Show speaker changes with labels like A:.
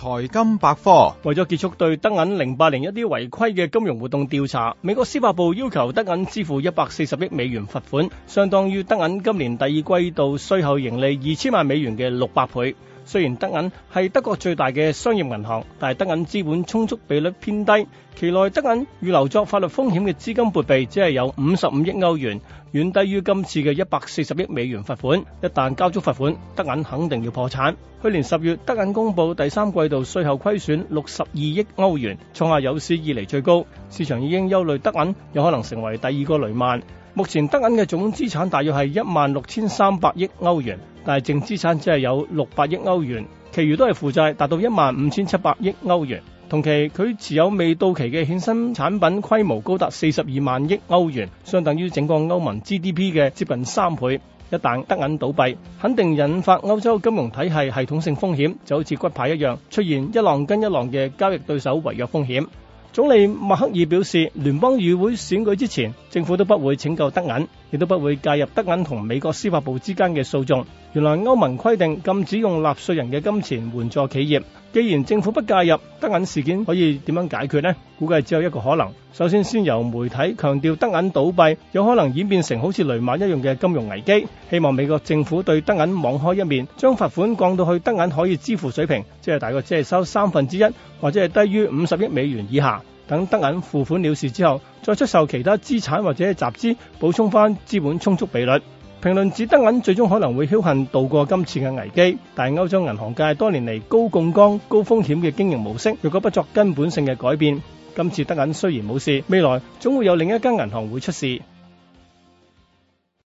A: 財金百科，為咗結束對德銀零八年一啲違規嘅金融活動調查，美國司法部要求德銀支付一百四十億美元罰款，相當於德銀今年第二季度稅後盈利二千萬美元嘅六百倍。雖然德銀係德國最大嘅商業銀行，但係德銀資本充足比率偏低，期內德銀預留作法律風險嘅資金撥備只係有五十五億歐元，遠低於今次嘅一百四十億美元罰款。一旦交足罰款，德銀肯定要破產。去年十月，德銀公布第三季度稅後虧損六十二億歐元，創下有史以嚟最高。市場已經憂慮德銀有可能成為第二個雷曼。目前德銀嘅總資產大約係一萬六千三百億歐元，但係淨資產只係有六百億歐元，其餘都係負債達到一萬五千七百億歐元。同期佢持有未到期嘅衍生產品規模高達四十二萬億歐元，相等於整個歐盟 GDP 嘅接近三倍。一旦德銀倒閉，肯定引發歐洲金融體系系統性風險，就好似骨牌一樣，出現一浪跟一浪嘅交易對手違約風險。總理默克爾表示，聯邦議會選舉之前，政府都不會拯救德銀，亦都不會介入德銀同美國司法部之間嘅訴訟。原來歐盟規定禁止用納稅人嘅金錢援助企業。既然政府不介入，德銀事件可以點樣解決呢？估計只有一個可能，首先先由媒體強調德銀倒閉，有可能演變成好似雷曼一樣嘅金融危機。希望美國政府對德銀網開一面，將罰款降到去德銀可以支付水平，即係大概只係收三分之一，3, 或者係低於五十億美元以下。等德銀付款了事之後，再出售其他資產或者集資補充翻資本充足比率。評論指德銀最終可能會僥倖度過今次嘅危機，但係歐洲銀行界多年嚟高槓桿、高風險嘅經營模式，如果不作根本性嘅改變，今次德銀雖然冇事，未來總會有另一間銀行會出事。